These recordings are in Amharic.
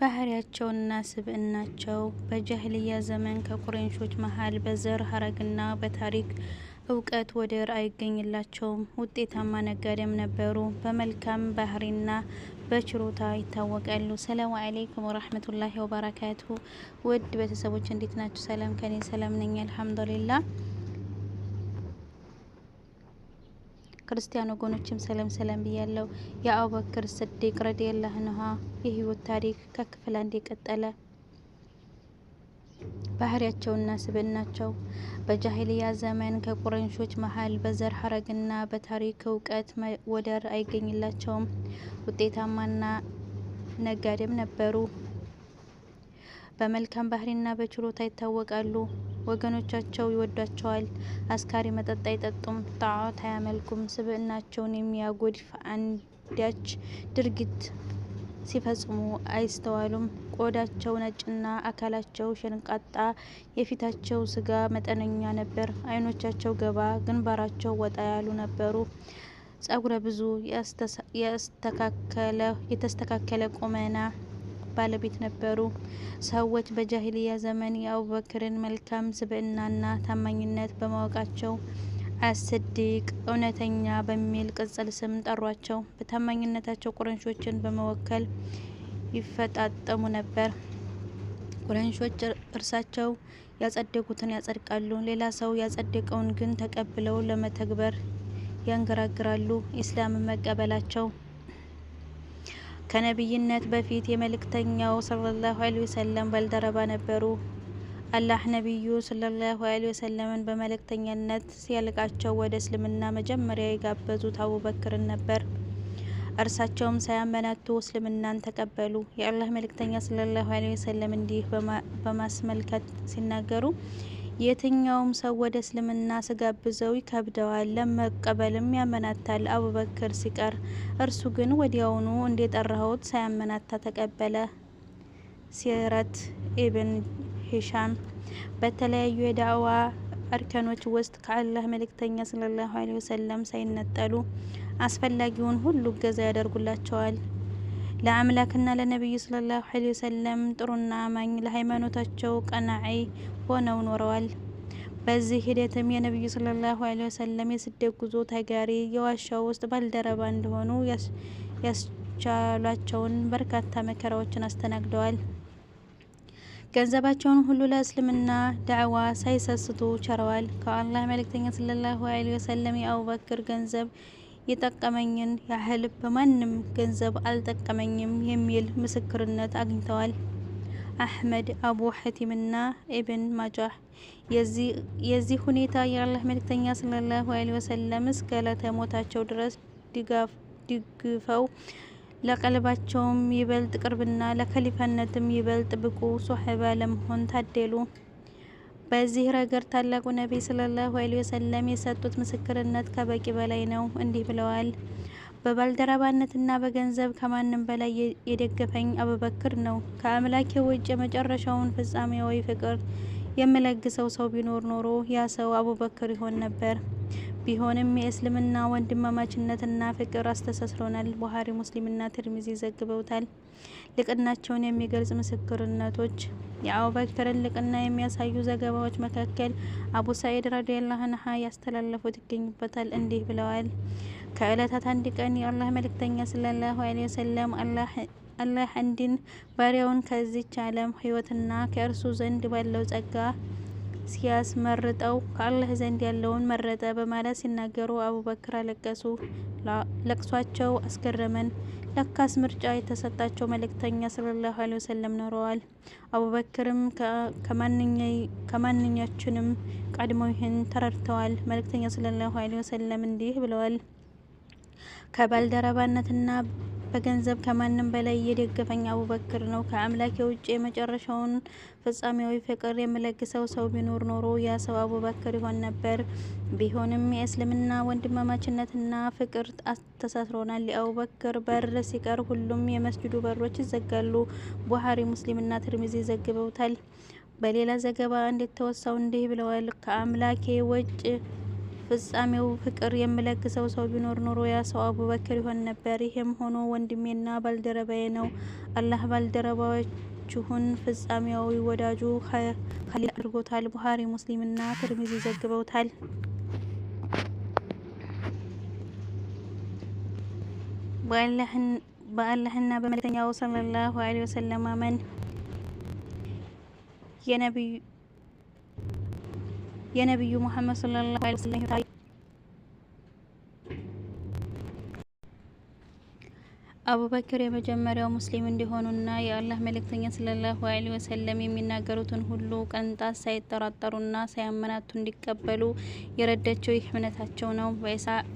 ባህሪያቸውና ስብዕናቸው በጃህልያ ዘመን ከቁረንሾች መሀል በዘር ሀረግና በታሪክ እውቀት ወደር አይገኝላቸውም። ውጤታማ ነጋዴም ነበሩ። በመልካም ባህሪና በችሮታ ይታወቃሉ። ሰላሙ አሌይኩም ወራህመቱላሂ ወበረካቱ። ውድ ቤተሰቦች እንዴት ናቸው? ሰላም ከኔ ሰላም ነኝ፣ አልሐምዱሊላህ። ክርስቲያን ወገኖችም ሰላም ሰላም ብያለው። የአቡበክር ስዲቅ ረዲየላሁ አንሁ የህይወት ታሪክ ከክፍል አንድ የቀጠለ። ባህሪያቸውና ስብዕናቸው በጃሂልያ ዘመን ከቁረንሾች መሀል በዘር ሀረግና በታሪክ እውቀት ወደር አይገኝላቸውም። ውጤታማና ነጋዴም ነበሩ። በመልካም ባህሪና በችሎታ ይታወቃሉ። ወገኖቻቸው ይወዷቸዋል። አስካሪ መጠጥ አይጠጡም፣ ጣዖት አያመልኩም። ስብዕናቸውን የሚያጎድፍ አንዳች ድርጊት ሲፈጽሙ አይስተዋሉም። ቆዳቸው ነጭና አካላቸው ሸንቃጣ፣ የፊታቸው ስጋ መጠነኛ ነበር። አይኖቻቸው ገባ፣ ግንባራቸው ወጣ ያሉ ነበሩ። ጸጉረ ብዙ፣ የተስተካከለ ቁመና ባለቤት ነበሩ። ሰዎች በጃሂልያ ዘመን የአቡበክርን መልካም ስብዕናና ታማኝነት በማወቃቸው አስድቅ እውነተኛ በሚል ቅጽል ስም ጠሯቸው። በታማኝነታቸው ቁረንሾችን በመወከል ይፈጣጠሙ ነበር። ቁረንሾች እርሳቸው ያጸደቁትን ያጸድቃሉ፣ ሌላ ሰው ያጸደቀውን ግን ተቀብለው ለመተግበር ያንገራግራሉ። ኢስላምን መቀበላቸው ከነቢይነት በፊት የመልእክተኛው ሰለላሁ ዐለይሂ ወሰለም ባልደረባ ነበሩ። አላህ ነቢዩ ሰለላሁ ዐለይሂ ወሰለምን በመልእክተኛነት ሲያልቃቸው ወደ እስልምና መጀመሪያ የጋበዙት አቡበክርን ነበር። እርሳቸውም ሳያመናቱ እስልምናን ተቀበሉ። የአላህ መልእክተኛ ሰለላሁ ዐለይሂ ወሰለም እንዲህ በማስመልከት ሲናገሩ የትኛውም ሰው ወደ እስልምና ስጋብዘው ይከብደዋል፣ ለመቀበልም ያመናታል። አቡበክር ሲቀር፣ እርሱ ግን ወዲያውኑ እንደጠራሁት ሳያመናታ ተቀበለ። ሲረት ኢብን ሂሻም በተለያዩ የዳዕዋ እርከኖች ውስጥ ከአላህ መልእክተኛ ሰለላሁ ዐለይሂ ወሰለም ሳይነጠሉ አስፈላጊውን ሁሉ እገዛ ያደርጉላቸዋል። ለአምላክና ለነቢዩ ሰለላሁ ዐለይሂ ወሰለም ጥሩና አማኝ ለሃይማኖታቸው ቀናዒ ሆነው ኖረዋል። በዚህ ሂደትም የነቢዩ ሰለላሁ ዐለይሂ ወሰለም የስደት ጉዞ ተጋሪ፣ የዋሻው ውስጥ ባልደረባ እንደሆኑ ያስቻሏቸውን በርካታ መከራዎችን አስተናግደዋል። ገንዘባቸውን ሁሉ ለእስልምና ዳዕዋ ሳይሰስቱ ቸረዋል። ከአላህ መልእክተኛ ሰለላሁ ዐለይሂ ወሰለም የአቡበክር ገንዘብ የጠቀመኝን ያህል በማንም ገንዘብ አልጠቀመኝም የሚል ምስክርነት አግኝተዋል። አህመድ፣ አቡ ሐቲምና ኢብን ማጃህ የዚህ ሁኔታ የአላህ መልእክተኛ ሰለላሁ ዐለይሂ ወሰለም እስከ ዕለተ ሞታቸው ድረስ ድግፈው ለቀልባቸውም ይበልጥ ቅርብና ለከሊፋነትም ይበልጥ ብቁ ሶሕባ ለመሆን ታደሉ። በዚህ ረገድ ታላቁ ነቢይ ሰለላሁ ዐለይሂ ወሰለም የሰጡት ምስክርነት ከበቂ በላይ ነው። እንዲህ ብለዋል። በባልደረባነትና በገንዘብ ከማንም በላይ የደገፈኝ አቡበክር ነው። ከአምላኬ ውጭ የመጨረሻውን ፍጻሜያዊ ፍቅር የምለግሰው ሰው ቢኖር ኖሮ ያ ሰው አቡበክር ይሆን ነበር። ቢሆንም የእስልምና ወንድማማችነትና ፍቅር አስተሳስሮናል። ቡሀሪ፣ ሙስሊምና ትርሚዚ ዘግበውታል። ልቅናቸውን የሚገልጽ ምስክርነቶች የአቡበክርን ልቅና የሚያሳዩ ዘገባዎች መካከል አቡ ሰዒድ ረዲየላሁ አንሁ ያስተላለፉት ይገኙበታል። እንዲህ ብለዋል። ከእለታት አንድ ቀን የአላህ መልእክተኛ ሰለላሁ ዐለይሂ ወሰለም አላህ አላህ አንድን ባሪያውን ከዚች ዓለም ህይወትና ከእርሱ ዘንድ ባለው ጸጋ ሲያስመርጠው ከአላህ ዘንድ ያለውን መረጠ በማለት ሲናገሩ አቡበክር አለቀሱ። ለቅሷቸው አስገረመን። ለካስ ምርጫ የተሰጣቸው መልእክተኛ ሰለላሁ ዐለይሂ ወሰለም ኖረዋል። አቡበክርም ከማንኛችንም ቀድሞ ይህን ተረድተዋል። መልእክተኛ ሰለላሁ ዐለይሂ ወሰለም እንዲህ ብለዋል ከባልደረባነትና በገንዘብ ከማንም በላይ እየደገፈኝ አቡበክር ነው። ከአምላኬ ውጭ የመጨረሻውን ፍጻሜያዊ ፍቅር የምለግሰው ሰው ቢኖር ኖሮ ያ ሰው አቡበክር ይሆን ነበር። ቢሆንም የእስልምና ወንድማማችነትና ፍቅር አስተሳስሮናል። የአቡበክር በር ሲቀር ሁሉም የመስጅዱ በሮች ይዘጋሉ። ቡሀሪ ሙስሊምና ትርሚዚ ዘግበውታል። በሌላ ዘገባ እንደተወሳው እንዲህ ብለዋል። ከአምላኬ ውጭ ፍጻሜው ፍቅር የምለግሰው ሰው ቢኖር ኖሮ ያ ሰው አቡበክር ይሆን ነበር። ይሄም ሆኖ ወንድሜና ባልደረባዬ ነው። አላህ ባልደረባዎችሁን ፍጻሜያዊ ወዳጁ ኸሊል አድርጎታል። ቡሀሪ ሙስሊምና ትርሚዚ ዘግበውታል። በአላህና በመልእክተኛው ሰለላሁ ዐለይሂ ወሰለም አመን የነቢዩ የነቢዩ መሐመድ ሰለላሁ ዐለይሂ ወሰለም አቡበክር የመጀመሪያው ሙስሊም እንዲሆኑና የአላህ መልእክተኛ ሰለላሁ ዐለይሂ ወሰለም የሚናገሩትን ሁሉ ቅንጣት ሳይጠራጠሩና ሳያመናቱ እንዲቀበሉ የረዳቸው ይህ እምነታቸው ነው።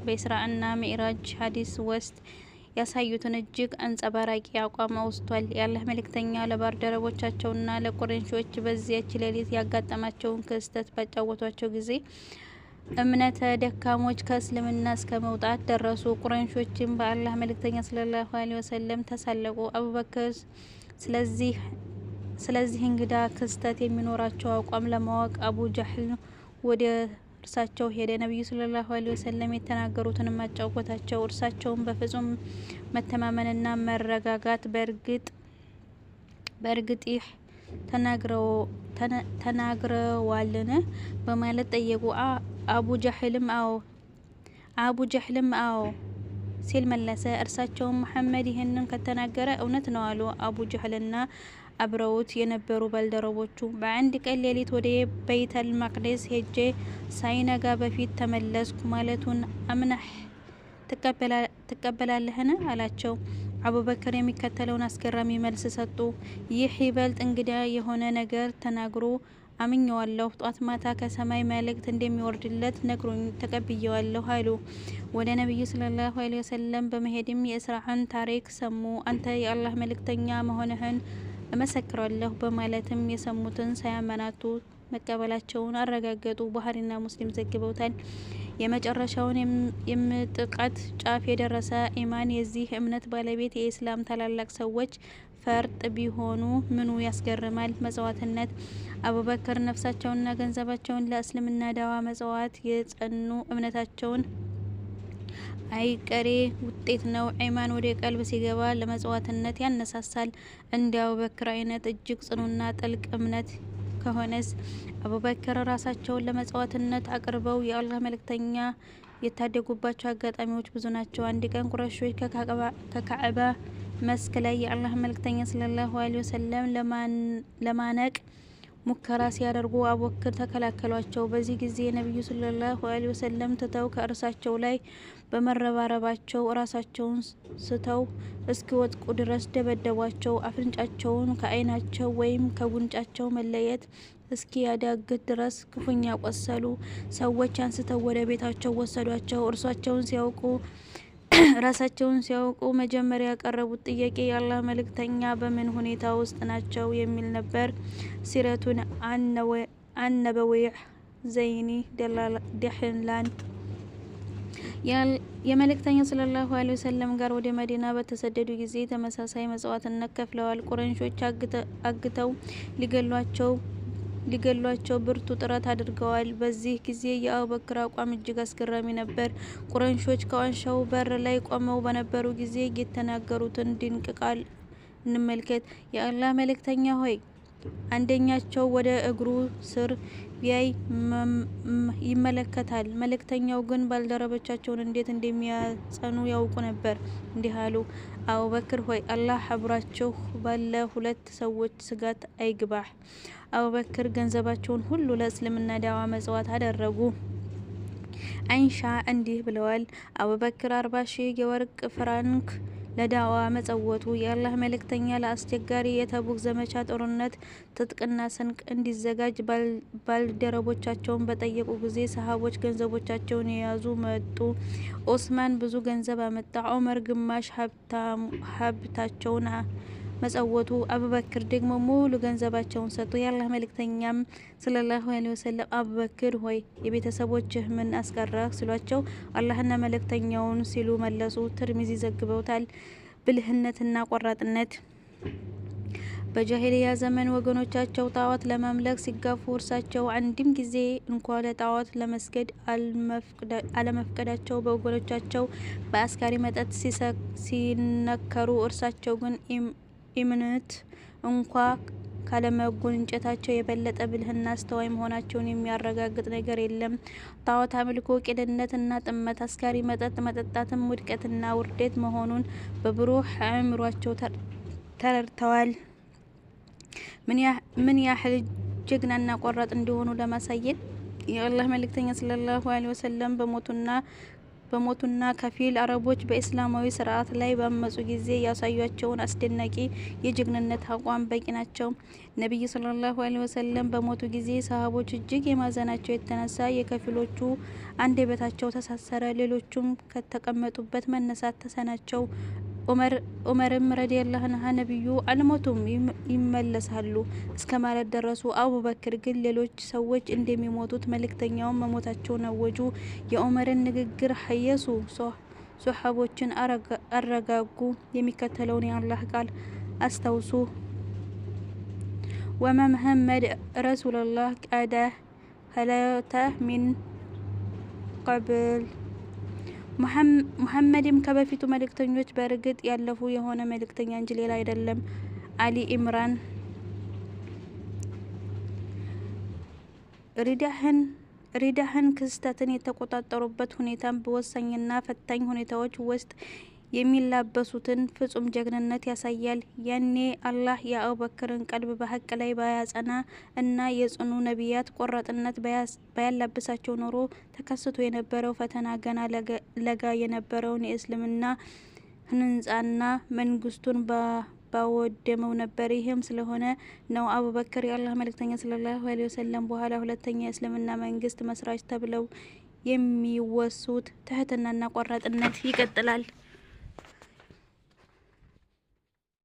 በኢስራእና ሚዕራጅ ሀዲስ ውስጥ ያሳዩትን እጅግ አንጸባራቂ አቋም አውስቷል። የአላህ መልእክተኛ ለባልደረቦቻቸውና ለቁረንሾች በዚያች ሌሊት ያጋጠማቸውን ክስተት ባጫወቷቸው ጊዜ እምነተ ደካሞች ከእስልምና እስከ መውጣት ደረሱ። ቁረንሾችም በአላህ መልእክተኛ ሰለላሁ አለይሂ ወሰለም ተሳለቁ። አቡበክር ስለዚህ ስለዚህ እንግዳ ክስተት የሚኖራቸው አቋም ለማወቅ አቡ ጃህል ወደ እርሳቸው ሄደ ነቢዩ ሰለላሁ ዐለይሂ ወሰለም የተናገሩትን ማጫወታቸው እርሳቸውን በፍጹም መተማመንና መረጋጋት በእርግጥ በእርግጥ ይህ ተናግረዋልን በማለት ጠየቁ። አቡ ጃህልም አዎ አቡ ጃህልም አዎ ሲል መለሰ። እርሳቸውም መሐመድ ይህንን ከተናገረ እውነት ነው አሉ። አቡ ጃህልና አብረውት የነበሩ ባልደረቦቹ በአንድ ቀን ሌሊት ወደ በይተል መቅደስ ሄጄ ሳይነጋ በፊት ተመለስኩ ማለቱን አምናህ ትቀበላለህን? አላቸው። አቡበከር የሚከተለውን አስገራሚ መልስ ሰጡ። ይህ ይበልጥ እንግዳ የሆነ ነገር ተናግሮ አምኘዋለሁ። ጧት ማታ ከሰማይ መልእክት እንደሚወርድለት ነግሮኝ ተቀብየዋለሁ አሉ። ወደ ነቢዩ ሰለላሁ ዐለይሂ ወሰለም በመሄድም የእስራህን ታሪክ ሰሙ። አንተ የአላህ መልእክተኛ መሆንህን እመሰክራለሁ በማለትም የሰሙትን ሳያመናቱ መቀበላቸውን አረጋገጡ። ባህሪና ሙስሊም ዘግበውታል። የመጨረሻውን የምጥቃት ጫፍ የደረሰ ኢማን የዚህ እምነት ባለቤት የኢስላም ታላላቅ ሰዎች ፈርጥ ቢሆኑ ምኑ ያስገርማል? መጽዋትነት አቡበክር ነፍሳቸውንና ገንዘባቸውን ለእስልምና ዳዋ መጽዋት የጸኑ እምነታቸውን አይቀሬ ውጤት ነው። ዒማን ወደ ቀልብ ሲገባ ለመጽዋትነት ያነሳሳል። እንደ አቡበክር አይነት እጅግ ጽኑና ጥልቅ እምነት ከሆነስ አቡበክር ራሳቸውን ለመጽዋትነት አቅርበው የአላህ መልእክተኛ የታደጉባቸው አጋጣሚዎች ብዙ ናቸው። አንድ ቀን ቁረሾች ከካዕባ መስክ ላይ የአላህ መልእክተኛ ሰለላሁ አለይሂ ወሰለም ለማነቅ ሙከራ ሲያደርጉ አቡበክር ተከላከሏቸው። በዚህ ጊዜ ነቢዩ ሰለላሁ ዐለይሂ ወሰለም ትተው ከእርሳቸው ላይ በመረባረባቸው ራሳቸውን ስተው እስኪ ወጥቁ ድረስ ደበደቧቸው። አፍንጫቸውን ከዓይናቸው ወይም ከጉንጫቸው መለየት እስኪ ያዳግት ድረስ ክፉኛ ቆሰሉ። ሰዎች አንስተው ወደ ቤታቸው ወሰዷቸው። እርሳቸውን ሲያውቁ ራሳቸውን ሲያውቁ መጀመሪያ ያቀረቡት ጥያቄ የአላህ መልእክተኛ በምን ሁኔታ ውስጥ ናቸው የሚል ነበር። ሲረቱን አነበዊዕ ዘይኒ ደህላን የመልእክተኛ ሰለላሁ አለይሂ ወሰለም ጋር ወደ መዲና በተሰደዱ ጊዜ ተመሳሳይ መጽዋዕትነት ከፍለዋል። ቁረንሾች አግተው ሊገሏቸው ሊገሏቸው ብርቱ ጥረት አድርገዋል። በዚህ ጊዜ የአቡበክር አቋም እጅግ አስገራሚ ነበር። ቁረንሾች ከዋንሻው በር ላይ ቆመው በነበሩ ጊዜ የተናገሩትን ድንቅ ቃል እንመልከት። የአላህ መልእክተኛ ሆይ አንደኛቸው ወደ እግሩ ስር ቢያይ ይመለከታል። መልእክተኛው ግን ባልደረቦቻቸውን እንዴት እንደሚያጸኑ ያውቁ ነበር። እንዲህ አሉ፣ አቡበክር ሆይ አላህ አብራችሁ ባለ ሁለት ሰዎች ስጋት አይግባህ። አቡበክር ገንዘባቸውን ሁሉ ለእስልምና ዳዋ መጽዋት አደረጉ። አይንሻ እንዲህ ብለዋል። አቡበክር አርባ ሺህ የወርቅ ፍራንክ ለዳዋ መጸወቱ። የአላህ መልእክተኛ ለአስቸጋሪ የተቡክ ዘመቻ ጦርነት ትጥቅና ስንቅ እንዲዘጋጅ ባልደረቦቻቸውን በጠየቁ ጊዜ ሰሃቦች ገንዘቦቻቸውን የያዙ መጡ። ኦስማን ብዙ ገንዘብ አመጣ፣ ኦመር ግማሽ ሀብታቸውን መጸወቱ። አቡበክር ደግሞ ሙሉ ገንዘባቸውን ሰጡ። የአላህ መልእክተኛም ሰለላሁ ዐለይሂ ወሰለም አቡበክር ሆይ የቤተሰቦችህ ምን አስቀረህ ሲሏቸው አላህና መልእክተኛውን ሲሉ መለሱ። ትርሚዚ ዘግበውታል። ብልህነትና ቆራጥነት በጃሂልያ ዘመን ወገኖቻቸው ጣዖት ለማምለክ ሲጋፉ እርሳቸው አንድም ጊዜ እንኳ ለጣዖት ለመስገድ አለመፍቀዳቸው በወገኖቻቸው በአስካሪ መጠጥ ሲነከሩ እርሳቸው ግን ኢምነት እንኳ ካለመጎንጨታቸው የበለጠ ብልህና አስተዋይ መሆናቸውን የሚያረጋግጥ ነገር የለም። ጣዖት አምልኮ ቅድነትና ጥመት፣ አስካሪ መጠጥ መጠጣትም ውድቀትና ውርደት መሆኑን በብሩህ አእምሯቸው ተረድተዋል። ምን ያህል ጀግናና ቆራጥ እንደሆኑ ለማሳየት የአላህ መልእክተኛ ሰለላሁ ዐለይሂ ወሰለም በሞቱና በሞቱና ከፊል አረቦች በእስላማዊ ስርዓት ላይ በመጹ ጊዜ ያሳዩቸውን አስደናቂ የጀግንነት አቋም በቂ ናቸው። ነቢዩ ሰለላሁ ዐለይሂ ወሰለም በሞቱ ጊዜ ሰሃቦች እጅግ የማዘናቸው የተነሳ የከፊሎቹ አንደበታቸው ተሳሰረ፣ ሌሎቹም ከተቀመጡበት መነሳት ተሰናቸው። ዑመርም ረዲየላሁ ዐንሁ ነቢዩ አልሞቱም ይመለሳሉ እስከ ማለት ደረሱ። አቡበክር ግን ሌሎች ሰዎች እንደሚሞቱት መልእክተኛውን መሞታቸውን አወጁ። የዑመርን ንግግር ሀየሱ ሶሐቦችን አረጋጉ። የሚከተለውን የአላህ ቃል አስታውሱ። ወማ መሐመድ ቀደ ሀለተ ሚን ቀብል ሙሐመድም ከበፊቱ መልእክተኞች በእርግጥ ያለፉ የሆነ መልእክተኛ እንጂ ሌላ አይደለም። አሊ ኢምራን ሪዳህን ሪዳህን ክስተትን የተቆጣጠሩበት ሁኔታ በወሳኝና ፈታኝ ሁኔታዎች ውስጥ የሚላበሱትን ፍጹም ጀግንነት ያሳያል። ያኔ አላህ የአቡበክርን ቀልብ በሀቅ ላይ ባያጸና እና የጽኑ ነቢያት ቆራጥነት ባያላብሳቸው ኖሮ ተከስቶ የነበረው ፈተና ገና ለጋ የነበረውን የእስልምና ህንጻና መንግስቱን ባወደመው ነበር። ይህም ስለሆነ ነው አቡበክር የአላህ መልእክተኛ ሰለላሁ ዐለይሂ ወሰለም በኋላ ሁለተኛ የእስልምና መንግስት መስራች ተብለው የሚወሱት። ትህትናና ቆራጥነት ይቀጥላል።